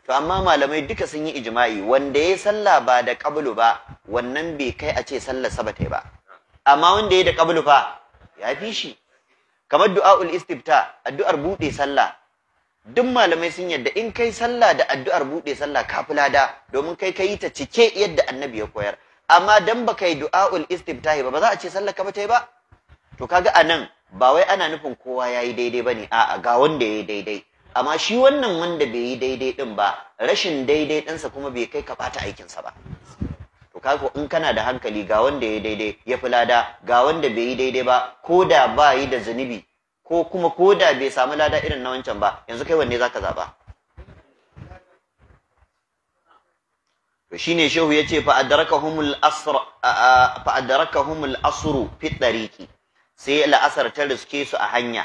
to amma malamai duka sun yi ijma'i wanda ya sallah ba da kabalu ba wannan bai kai a ce sallar sabata ba amma wanda ya da kabalu fa ya fi shi kamar du'aul istibta addu'ar bude sallah duk malamai sun yadda in kai sallah da addu'ar bude sallah da domin kai kai ta cike yadda annabi ya koyar amma dan baka yi du'aul istiftahi ba ba za a ce sallar ka ba to kaga anan ba wai ana nufin kowa ya yi daidai ba ne a'a ga wanda ya yi daidai amma shi wannan wanda bai yi daidai din ba rashin daidai ɗinsa kuma bai kai ka ɓata aikinsa ba to kaga in kana da hankali ga wanda ya yi daidai ya fi lada ga wanda bai yi daidai ba ko da ba yi da zunubi ko kuma ko da bai samu lada irin na wancan ba yanzu kai wanne zaka zaba to shine shehu yace fa adrakahumul asr fa adrakahumul asru fi tariqi sai la'asar ta riske su a hanya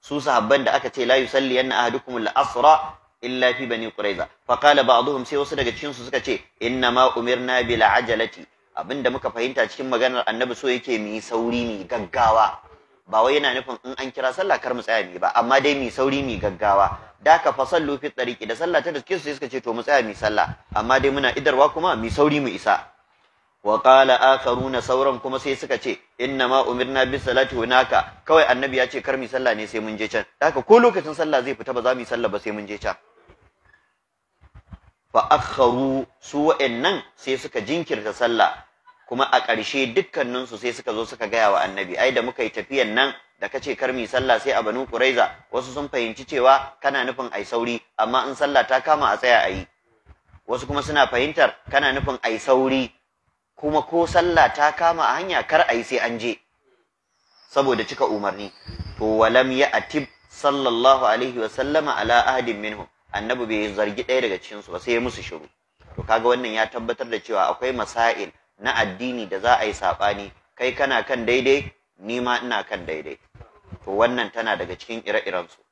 su sahabban da aka ce la yusalli anna ahadukum al-asra illa fi bani quraiza fa qala ba'dhum sai wasu daga cikin su suka ce inna ma umirna bil ajalati abinda muka fahimta cikin maganar annabi so yake mu sauri mu gaggawa ba wai yana nufin in an kira sallah kar mu tsaya mu ba amma dai mu sauri mu gaggawa da ka fa sallu fi tsariki da sallah ta riske su su suka ce to mu tsaya mu sallah amma dai muna idarwa kuma mu sauri mu isa wa qala akharuna sauran kuma sai suka ce inna ma umirna bis salati naka kawai annabi ya ce kar mu sallah ne sai mun je can haka ko lokacin sallah zai fita ba za mu yi sallah ba sai mun je can fa su wa'annan sai suka jinkirta sallah kuma a ƙarshe dukkanin su sai suka zo suka gaya wa annabi ai da muka yi tafiyan nan da kace kar mu sallah sai a banu kuraiza wasu sun fahimci cewa kana nufin ai sauri amma in sallah ta kama a tsaya ayi wasu kuma suna fahimtar kana nufin ai sauri kuma ko sallah ta kama a hanya kar a yi sai an je saboda cika umarni to walam ya atib sallallahu alaihi wa sallama ala ahadin minhum annabi bai zargi ɗaya daga cikin su ba sai ya musu shiru to kaga wannan ya tabbatar da cewa akwai masail na addini da za a yi sabani kai kana kan daidai ni ma ina kan daidai to wannan tana daga cikin ire-iren su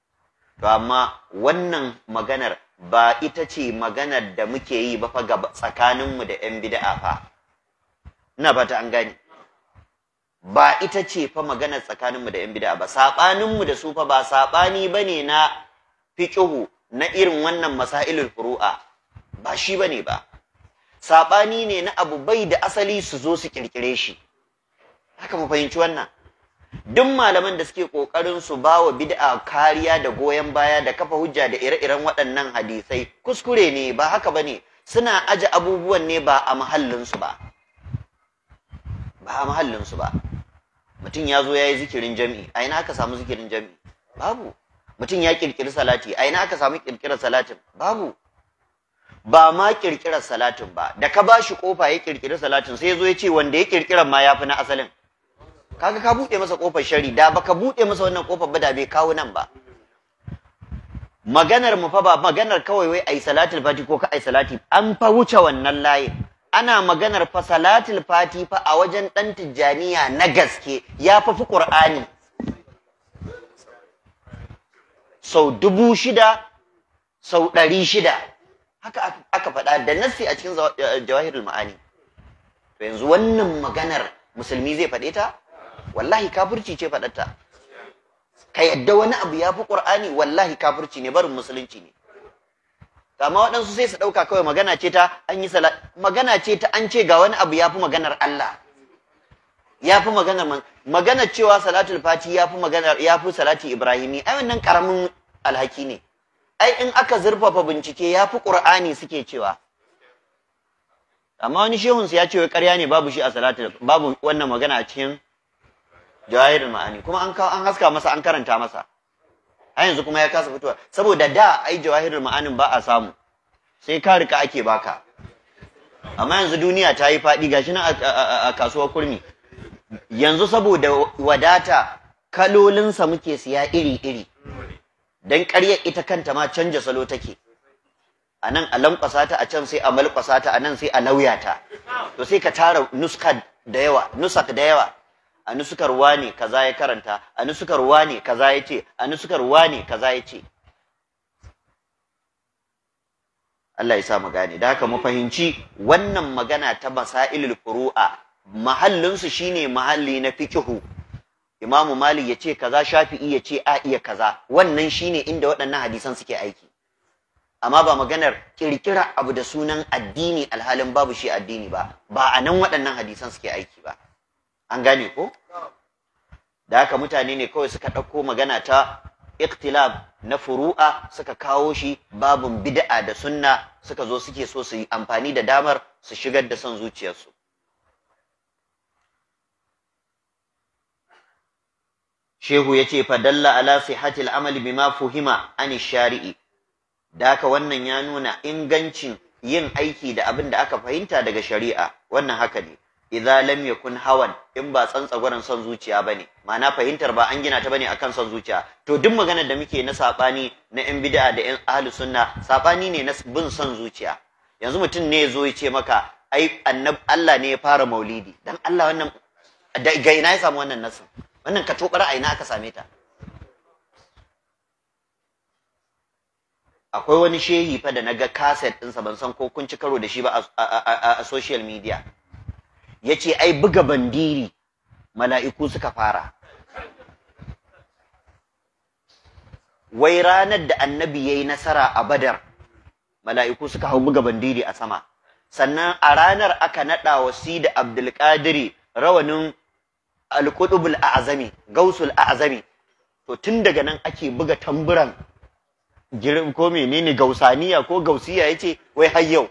to amma wannan maganar ba ita ce maganar da muke yi ba fa ga tsakaninmu da 'yan bida'a fa ina fata an gani. ba ita ce fa magana tsakaninmu da yan bid'a ba saɓaninmu da su fa ba saɓani bane na fiqhu na irin wannan masailul furu'a ba shi bane ba saɓani ne na abu bai da asali su zo su kirkire shi haka mu fahimci wannan duk malaman da suke ƙoƙarin su ba wa bid'a kariya da goyon baya da kafa hujja da ire-iren waɗannan hadisai kuskure ne ba haka bane suna aje abubuwan ne ba a mahallinsu ba ba mahallinsu ba mutum ya zo ya yi zikirin jami'i a ina aka samu zikirin jami'i babu mutum ya kirkiri salati a ina aka samu kirkirar salatin babu ba ma kirkirar salatin ba da ka ba shi kofa ya kirkiri salatin sai ya zo ya ce wanda ya kirkirar ma ya fi na asalin kaga ka buɗe masa kofar shari da ba ka buɗe masa wannan kofar ba da bai kawo nan ba maganar mu fa ba maganar kawai wai ai salatul fati ko ka ai salati an fa wuce wannan layin ana maganar fa salatul fati fa a wajen dan tijjaniya na gaske ya fafi qur'ani sau dubu shida sau ɗari shida haka aka faɗa da nassi a cikin eh, jawahirul ma'ani to yanzu wannan maganar musulmi zai faɗe ta wallahi kafirci ce faɗarta ka yadda wani abu ya fi qur'ani wallahi kafirci ne barin musulunci ne Kama amma waɗansu sai su ɗauka kawai magana ce ta an yi sala magana ce ta an ce ga wani abu ya fi maganar Allah ya fi maganar magana cewa salatul fati ya fi maganar ya fi salati ibrahimi ai wannan karamin alhaki ne ai in aka zurfafa bincike ya fi qur'ani suke cewa amma wani shehun ya ce wai ƙarya ne babu shi a salatul babu wannan magana a cikin jawahirul ma'ani kuma an an haska masa an karanta masa har yanzu kuma ya kasa fitowa saboda da ai jawahirul ma'anin ba a samu sai ka rika ake baka amma yanzu duniya ta yi faɗi gashi nan a kasuwar kurmi yanzu saboda wadata kalolinsa muke siya iri-iri don karya ita kanta ma canja salo take a nan a lankwasa ta a can sai a malkwasa ta a nan sai a lauya ta to sai ka tara nuska da yawa nusak da yawa a nusukar wane kaza ya karanta a nusukar wane kaza ya ce a nusukar wane kaza ya ce Allah ya sa mu gane da haka mu fahimci wannan magana ta masailul furu'a su shine mahalli na fikihu Imamu Malik ya ce kaza Shafi'i ya ce a iya kaza wannan shine inda waɗannan hadisan suke aiki amma ba maganar kirkira abu da sunan addini alhalin babu shi addini ba ba a nan waɗannan hadisan suke aiki ba an gane ko da haka mutane ne kawai suka ɗauko magana ta iktilab na furu'a suka kawo shi babin bid'a da sunna suka zo suke so su yi amfani da damar su shigar da son zuciyarsu shehu ya ce fadalla ala sihatil amal bima fuhima ani shari'i da haka wannan ya nuna ingancin yin aiki da abin da aka fahimta daga shari'a wannan haka ne idza lam yakun hawan in ba tsantsa tsantsagwaran son zuciya bane ma'ana fahimtar ba an gina ta bane akan son zuciya to duk maganar da muke na sabani na yan bid'a da yan ahlus sunna sabani ne na bin son zuciya yanzu mutum ne zo ya ce maka ai annab Allah ne ya fara maulidi dan Allah wannan ga ina ya samu wannan nasu wannan ka tobar a ina aka same ta akwai wani shehi fa da naga kaset ɗinsa ban san ko kun ci karo da shi ba a social media ya ce ai buga bandiri mala'iku suka fara wai ranar da annabi ya yi nasara a badar mala'iku suka hau buga bandiri a sama sannan a ranar aka naɗa wa sida abdulkadiri rawanin alƙudubul azami gausul azami. to tun daga nan ake buga tamburan girin ko menene gausaniya ko gausiya yace wai har yau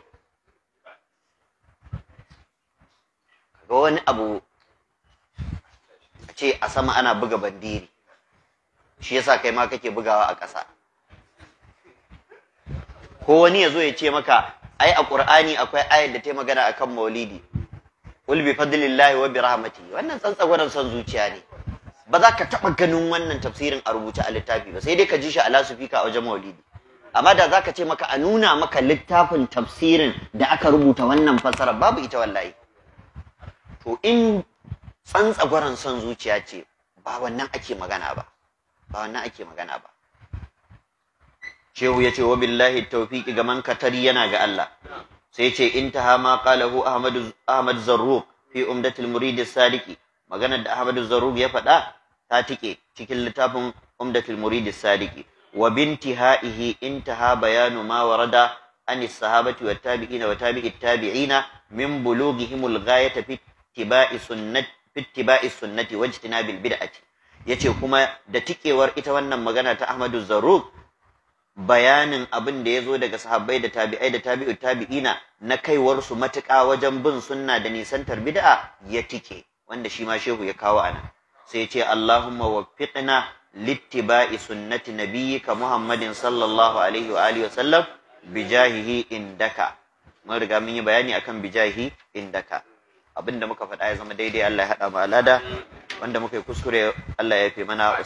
ga wani abu a ce a sama ana buga bandiri shi yasa kai ma kake bugawa a ƙasa ko wani ya zo ya ce maka ai a ƙur'ani akwai ayar da ta magana akan maulidi ul bi fadlillahi wa bi rahmati wannan tsantsagwaran son zuciya ne ba za ka taɓa ganin wannan tafsirin a rubuta a littafi ba sai dai ka ji shi a lasufika a wajen maulidi amma da za ka ce maka a nuna maka littafin tafsirin da aka rubuta wannan fassara babu ita wallahi to in tsantsagwaran son zuciya ce ba wannan ake magana ba ba wannan ake magana ba shehu ya ce wa billahi ga man katari yana ga Allah sai ce in ta hama ahmad ahmad zarruk fi umdatul murid sadiki maganar da ahmad zarruk ya faɗa ta tike cikin littafin umdatul murid sadiki wa bintihaihi intaha bayanu ma warada tabi'ina wa والتابعين وتابع التابعين من بلوغهم الغاية tafi. ittiba'i sunnati ittiba'i wajtinabil bid'ati yace kuma da tikewar ita wannan magana ta Ahmadu Zarruq bayanin abin da ya zo daga sahabbai da tabi'ai da tabi'u tabi'ina na kaiwar su matuƙa wajen bin sunna da nisantar bid'a ya tike wanda shi ma shehu ya kawo anan sai ce Allahumma waffiqna littiba'i sunnati nabiyyika Muhammadin sallallahu alaihi wa alihi sallam bijahihi indaka mun riga mun yi bayani akan bijahihi indaka abinda muka faɗa ya zama daidai Allah ya haɗa mu alada wanda muka yi kuskure Allah ya fi mana